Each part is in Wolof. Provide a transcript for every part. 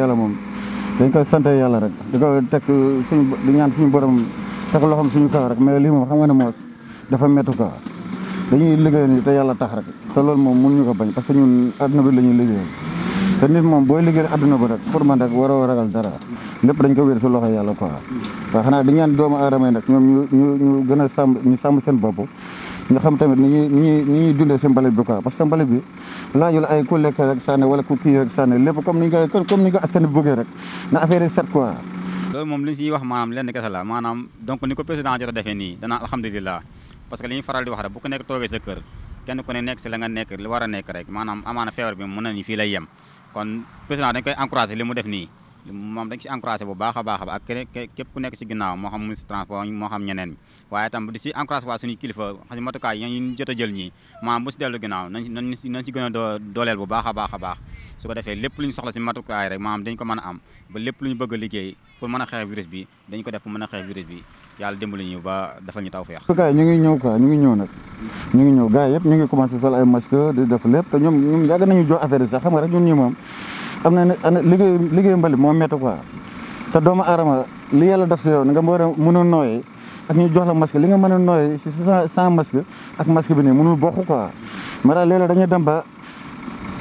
yàlla moom dañ koy sante yàlla rek di ko teg suñu di ñaan suñu borom teg loxoom suñu kaw rek mais lii moom xam nga ne moos dafa métti quoi dañuy liggéey nii te yàlla tax rek te loolu moom mun ñu ko bañ parce que ñun adduna bi la ñuy liggéey te nit moom booy liggéey adduna bi rek pour man rek waroo ragal dara lépp dañ ko wér si loxo yàlla quoi waa xanaa di ñaan doomu aadama yi nag ñoom ñu ñu ñu gën a sàmm ñu sàmm seen bopp ñu xam tamit ni ñuy ni ñuy ni ñuy dundee si mbalit bi quoi parce que mbalit bi laajul ay ku lekk rek sànni wala ku kii rek sànni lépp comme ni nga comme ni nga askan bi bëggee rek na affaire yi set loolu moom li ñu wax maanaam lenn kese la maanaam donc ni ko président jot a defee nii dana alhamdulilah parce que li ñu faral di wax rek bu ko nekk toogee sa kër kenn ku ne nekk si la nga nekk li war a nekk rek maanaam amaana feebar bi mën nañu fii lay yem kon président def nii. moom maam dañ ko mën am ba lépp lu liggéey pour mën a xeex virus bi dañ ko def pour mën a xeex virus bi yàlla dimbali ba defal ñu taw feex kay ñu ñu moom xam na ne liggéey liggéey mbalit moo quoi te doomu arama li yalla daf yow nga war mënu noy ak ñu jox la masque li nga mën noy ci 100 masque ak masque bi nii mënu bokk quoi mara daal dañu dem ba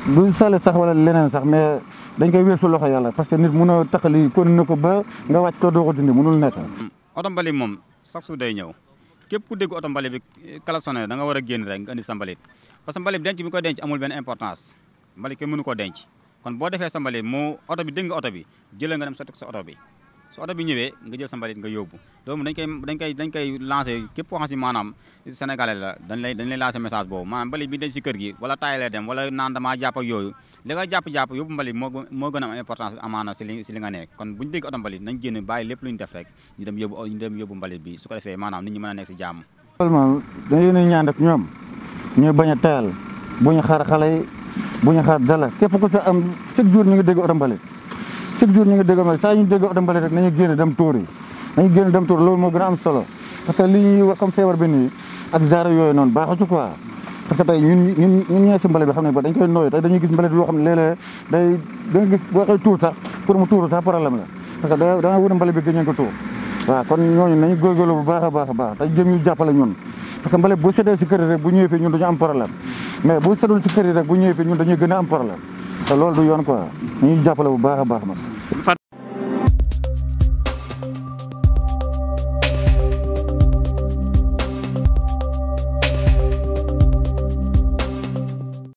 bu sale sax wala leneen sax mais dañ koy wessu loxo yalla parce que nit mënu takali taxali kon na ba nga wacc ko doo dindi mënul nekk. auto mbali mom sax su day ñew kep ku deg auto mbali bi klaxonné da nga wara genn rek nga indi sa parce que mbalit denc bi ko denc amul ben importance mbali ke mënu ko denc kon bo defé sambalé mo auto bi dégg auto bi jël nga dem sotik sa auto bi so auto bi ñëwé nga jël sambalé nga yobbu do mu dañ koy dañ koy dañ koy lancer képp koo xam manam sénégalais la dañ lay dañ lay lancer message bo manam balé bi dañ ci kër gi wala taay lay dem wala nan dama japp ak yoyu li nga japp japp yobbu mbalit mo mo gëna am importance amana ci li li nga nekk kon bu dégg auto mbalit nañ génn bàyyi lépp lu def rek ñu dem yobbu ñu dem yobbu mbalit bi su ko défé manam nit ñi mëna nekk ci jamm loolu moom dañu ñaan rek ñom ñu baña a tayal bu xar xale bu ñu xaar dala képp ku sa am chaque jour ñu ngi dégg oto mbalit chaque jour ñu ngi dégg mbalit saa ñu dégg oto mbalit rek nañu génn dem tuur yi nañu génn dem tuur loolu moo gën a am solo parce que li ñuy wax comme feebar bi nii ak genre yooyu noonu si mbalit bi xam ne ba dañ koy nooyu tey dañuy gis mbalit yoo xam ne léeg day da gis boo koy tuur sax pour mu tuur sax problème la parce que da da nga wut mbalit bi gën ko tuur waaw kon ñooñu nañu góorgóorlu bu baax a baax a baax tey jëm ñu jàppale ñun parce que mbale bu seddee si kër yi rek bu ñëwee fii ñun dañu am problème mais bu seddul si kër yi bu ñëwee fii ñun dañuy gën am problème te loolu du yoon quoi ñu jàppale bu baax a baax ma